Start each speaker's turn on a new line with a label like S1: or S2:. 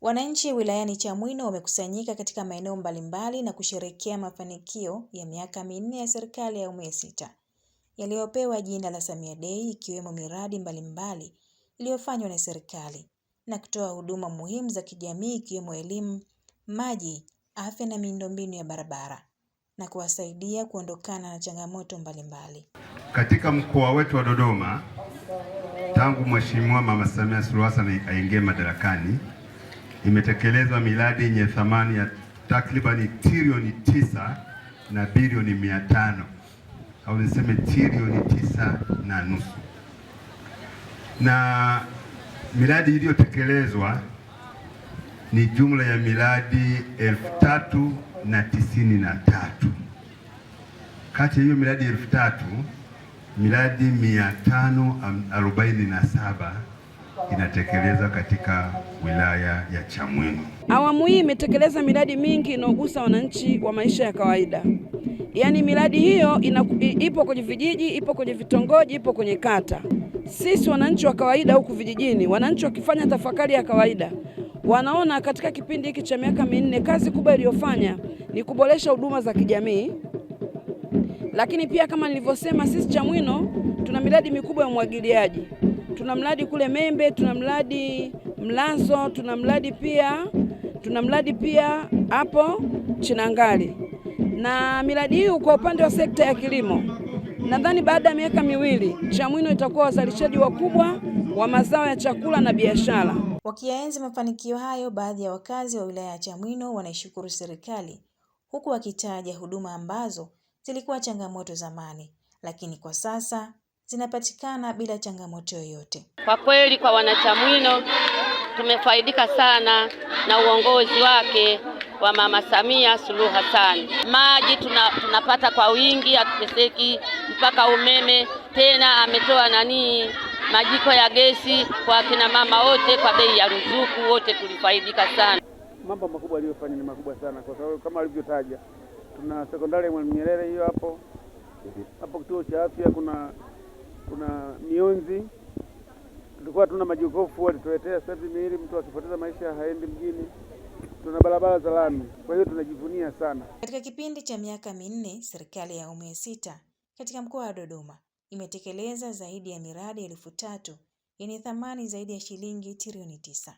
S1: Wananchi wilayani Chamwino wamekusanyika katika maeneo mbalimbali na kusherehekea mafanikio ya miaka minne ya serikali ya awamu ya sita yaliyopewa jina la Samia Day ikiwemo miradi mbalimbali iliyofanywa na serikali na kutoa huduma muhimu za kijamii ikiwemo elimu, maji, afya na miundombinu ya barabara na kuwasaidia kuondokana na changamoto mbalimbali.
S2: Katika mkoa wetu wa Dodoma tangu Mheshimiwa Mama Samia Suluhu Hassan aingie madarakani imetekeleza miradi yenye thamani ya takribani trilioni tisa na bilioni mia tano au niseme trilioni tisa na nusu na miradi iliyotekelezwa ni jumla ya miradi elfu tatu na tisini na tatu. Kati ya hiyo miradi elfu tatu miradi mia tano arobaini na saba inatekeleza katika wilaya ya Chamwino.
S3: Awamu hii imetekeleza miradi mingi inayogusa wananchi wa maisha ya kawaida. Yaani miradi hiyo ina, ipo kwenye vijiji, ipo kwenye vitongoji, ipo kwenye kata. Sisi wananchi wa kawaida huku vijijini, wananchi wakifanya tafakari ya kawaida, wanaona katika kipindi hiki cha miaka minne kazi kubwa iliyofanya ni kuboresha huduma za kijamii, lakini pia kama nilivyosema, sisi Chamwino tuna miradi mikubwa ya umwagiliaji tuna mradi kule Membe, tuna mradi Mlanzo, tuna mradi pia tuna mradi pia hapo Chinangali. Na miradi hii kwa upande wa sekta ya kilimo, nadhani baada ya miaka miwili Chamwino itakuwa wazalishaji wakubwa wa mazao ya chakula na biashara.
S1: Wakiyaenzi mafanikio hayo, baadhi ya wakazi wa wilaya ya Chamwino wanaishukuru serikali, huku wakitaja huduma ambazo zilikuwa changamoto zamani, lakini kwa sasa zinapatikana bila changamoto yoyote.
S4: Kwa kweli, kwa Wanachamwino tumefaidika sana na uongozi wake wa Mama Samia Suluhu Hassan. Maji tuna, tunapata kwa wingi, hatuteseki mpaka umeme tena. Ametoa nanii majiko ya gesi kwa kina mama wote kwa bei ya ruzuku, wote tulifaidika sana.
S5: Mambo makubwa aliyofanya ni makubwa sana, kwa sababu kama alivyotaja, tuna sekondari ya Mwalimu Nyerere hiyo hapo hapo, kituo cha afya kuna kuna mionzi. Tulikuwa tuna majokofu walituletea, sasa hivi miili mtu akipoteza maisha haendi mjini. Tuna barabara za lami, kwa hiyo tunajivunia sana.
S1: Katika kipindi cha miaka minne, serikali ya awamu ya sita katika mkoa wa Dodoma imetekeleza zaidi ya miradi elfu tatu yenye thamani zaidi ya shilingi trilioni tisa.